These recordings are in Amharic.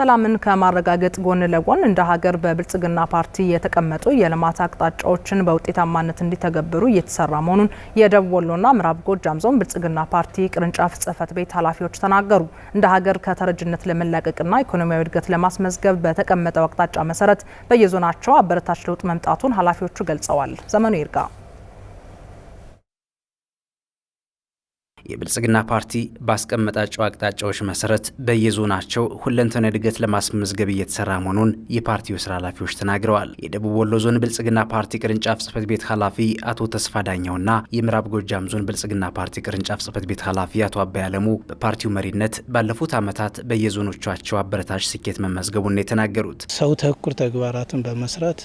ሰላምን ከማረጋገጥ ጎን ለጎን እንደ ሀገር በብልጽግና ፓርቲ የተቀመጡ የልማት አቅጣጫዎችን በውጤታማነት እንዲተገብሩ እየተሰራ መሆኑን የደቡብ ወሎና ምዕራብ ጎጃም ዞን ብልጽግና ፓርቲ ቅርንጫፍ ጽህፈት ቤት ኃላፊዎች ተናገሩ። እንደ ሀገር ከተረጅነት ለመላቀቅና ኢኮኖሚያዊ እድገት ለማስመዝገብ በተቀመጠው አቅጣጫ መሰረት በየዞናቸው አበረታች ለውጥ መምጣቱን ኃላፊዎቹ ገልጸዋል። ዘመኑ ይርጋ የብልጽግና ፓርቲ ባስቀመጣቸው አቅጣጫዎች መሰረት በየዞናቸው ሁለንተን እድገት ለማስመዝገብ እየተሰራ መሆኑን የፓርቲው ስራ ኃላፊዎች ተናግረዋል። የደቡብ ወሎ ዞን ብልጽግና ፓርቲ ቅርንጫፍ ጽህፈት ቤት ኃላፊ አቶ ተስፋ ዳኛውና የምዕራብ ጎጃም ዞን ብልጽግና ፓርቲ ቅርንጫፍ ጽህፈት ቤት ኃላፊ አቶ አባይ አለሙ በፓርቲው መሪነት ባለፉት ዓመታት በየዞኖቻቸው አበረታች ስኬት መመዝገቡን የተናገሩት። ሰው ተኩር ተግባራትን በመስራት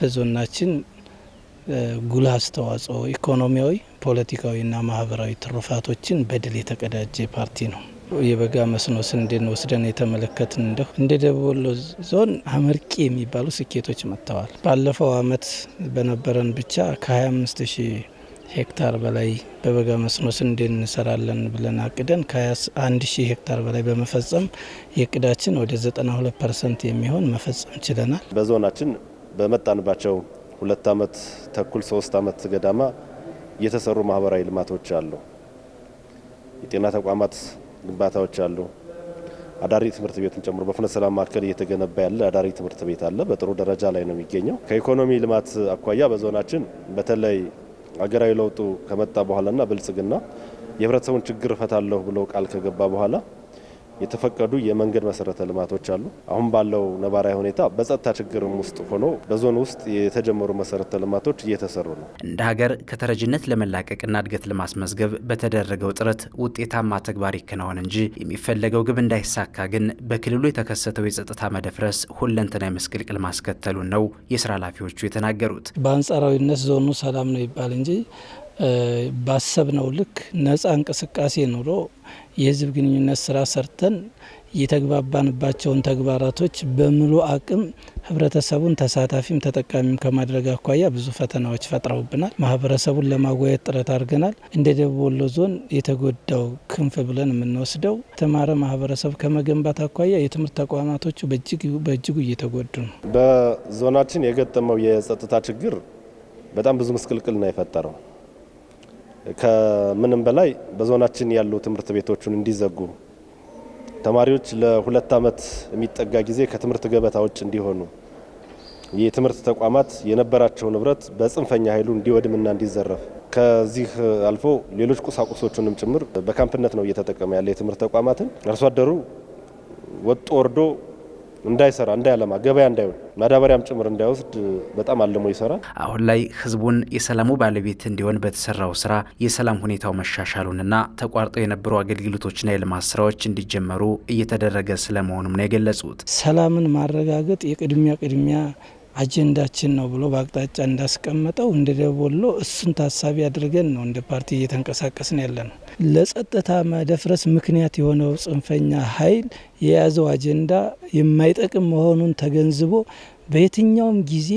በዞናችን ጉልህ አስተዋጽኦ ኢኮኖሚያዊ፣ ፖለቲካዊና ማህበራዊ ትሩፋቶችን በድል የተቀዳጀ ፓርቲ ነው። የበጋ መስኖ ስንዴን ወስደን የተመለከትን እንደሁ እንደ ደቡብ ወሎ ዞን አመርቂ የሚባሉ ስኬቶች መጥተዋል። ባለፈው አመት በነበረን ብቻ ከ25 ሺህ ሄክታር በላይ በበጋ መስኖ ስንዴ እንሰራለን ብለን አቅደን ከ21 ሺህ ሄክታር በላይ በመፈጸም የእቅዳችን ወደ 92 ፐርሰንት የሚሆን መፈጸም ችለናል። በዞናችን በመጣንባቸው ሁለት ዓመት ተኩል ሶስት ዓመት ገዳማ የተሰሩ ማህበራዊ ልማቶች አሉ። የጤና ተቋማት ግንባታዎች አሉ። አዳሪ ትምህርት ቤትን ጨምሮ በፍኖተ ሰላም ማዕከል እየተገነባ ያለ አዳሪ ትምህርት ቤት አለ። በጥሩ ደረጃ ላይ ነው የሚገኘው። ከኢኮኖሚ ልማት አኳያ በዞናችን በተለይ አገራዊ ለውጡ ከመጣ በኋላና ብልጽግና የህብረተሰቡን ችግር እፈታለሁ ብሎ ቃል ከገባ በኋላ የተፈቀዱ የመንገድ መሰረተ ልማቶች አሉ። አሁን ባለው ነባራዊ ሁኔታ በጸጥታ ችግርም ውስጥ ሆኖ በዞን ውስጥ የተጀመሩ መሰረተ ልማቶች እየተሰሩ ነው። እንደ ሀገር ከተረጅነት ለመላቀቅና እድገት ለማስመዝገብ በተደረገው ጥረት ውጤታማ ተግባር ይከናወን እንጂ የሚፈለገው ግብ እንዳይሳካ ግን በክልሉ የተከሰተው የጸጥታ መደፍረስ ሁለንተናዊ መስቀልቅል ማስከተሉን ነው የስራ ኃላፊዎቹ የተናገሩት። በአንጻራዊነት ዞኑ ሰላም ነው ይባል እንጂ ባሰብነው ልክ ነጻ እንቅስቃሴ ኑሮ የህዝብ ግንኙነት ስራ ሰርተን የተግባባንባቸውን ተግባራቶች በሙሉ አቅም ህብረተሰቡን ተሳታፊም ተጠቃሚም ከማድረግ አኳያ ብዙ ፈተናዎች ፈጥረውብናል። ማህበረሰቡን ለማዋየት ጥረት አድርገናል። እንደ ደቡብ ወሎ ዞን የተጎዳው ክንፍ ብለን የምንወስደው የተማረ ማህበረሰብ ከመገንባት አኳያ የትምህርት ተቋማቶቹ በእጅጉ እየተጎዱ ነው። በዞናችን የገጠመው የጸጥታ ችግር በጣም ብዙ ምስቅልቅል ነው የፈጠረው። ከምንም በላይ በዞናችን ያሉ ትምህርት ቤቶቹን እንዲዘጉ ተማሪዎች ለሁለት ዓመት የሚጠጋ ጊዜ ከትምህርት ገበታ ውጭ እንዲሆኑ የትምህርት ተቋማት የነበራቸው ንብረት በጽንፈኛ ኃይሉ እንዲወድምና እንዲዘረፍ ከዚህ አልፎ ሌሎች ቁሳቁሶቹንም ጭምር በካምፕነት ነው እየተጠቀመ ያለ የትምህርት ተቋማትን አርሶ አደሩ ወጥ ወርዶ እንዳይሰራ እንዳያለማ ገበያ እንዳይሆን ማዳበሪያም ጭምር እንዳይወስድ በጣም አልሞ ይሰራል። አሁን ላይ ህዝቡን የሰላሙ ባለቤት እንዲሆን በተሰራው ስራ የሰላም ሁኔታው መሻሻሉንና ተቋርጠው የነበሩ አገልግሎቶችና የልማት ስራዎች እንዲጀመሩ እየተደረገ ስለመሆኑም ነው የገለጹት። ሰላምን ማረጋገጥ የቅድሚያ ቅድሚያ አጀንዳችን ነው ብሎ በአቅጣጫ እንዳስቀመጠው እንደ ደቡብ ወሎ እሱን ታሳቢ አድርገን ነው እንደ ፓርቲ እየተንቀሳቀስን ያለ ነው። ለጸጥታ መደፍረስ ምክንያት የሆነው ጽንፈኛ ኃይል የያዘው አጀንዳ የማይጠቅም መሆኑን ተገንዝቦ በየትኛውም ጊዜ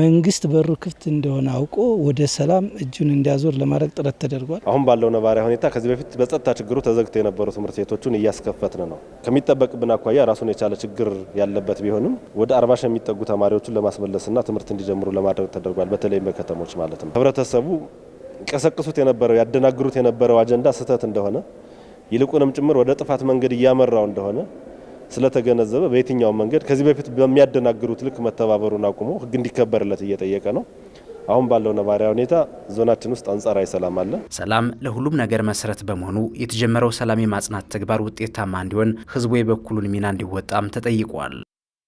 መንግስት በሩ ክፍት እንደሆነ አውቆ ወደ ሰላም እጁን እንዲያዞር ለማድረግ ጥረት ተደርጓል። አሁን ባለው ነባሪያ ሁኔታ ከዚህ በፊት በጸጥታ ችግሩ ተዘግተው የነበሩ ትምህርት ቤቶቹን እያስከፈትን ነው። ከሚጠበቅብን አኳያ ራሱን የቻለ ችግር ያለበት ቢሆንም ወደ አርባ ሺህ የሚጠጉ ተማሪዎችን ለማስመለስና ትምህርት እንዲጀምሩ ለማድረግ ተደርጓል። በተለይም በከተሞች ማለት ነው። ህብረተሰቡ ይቀሰቅሱት የነበረው ያደናግሩት የነበረው አጀንዳ ስህተት እንደሆነ ይልቁንም ጭምር ወደ ጥፋት መንገድ እያመራው እንደሆነ ስለተገነዘበ በየትኛውም መንገድ ከዚህ በፊት በሚያደናግሩት ልክ መተባበሩን አቁሞ ሕግ እንዲከበርለት እየጠየቀ ነው። አሁን ባለው ነባሪያ ሁኔታ ዞናችን ውስጥ አንጻራዊ ሰላም አለ። ሰላም ለሁሉም ነገር መሰረት በመሆኑ የተጀመረው ሰላም የማጽናት ተግባር ውጤታማ እንዲሆን ህዝቡ የበኩሉን ሚና እንዲወጣም ተጠይቋል።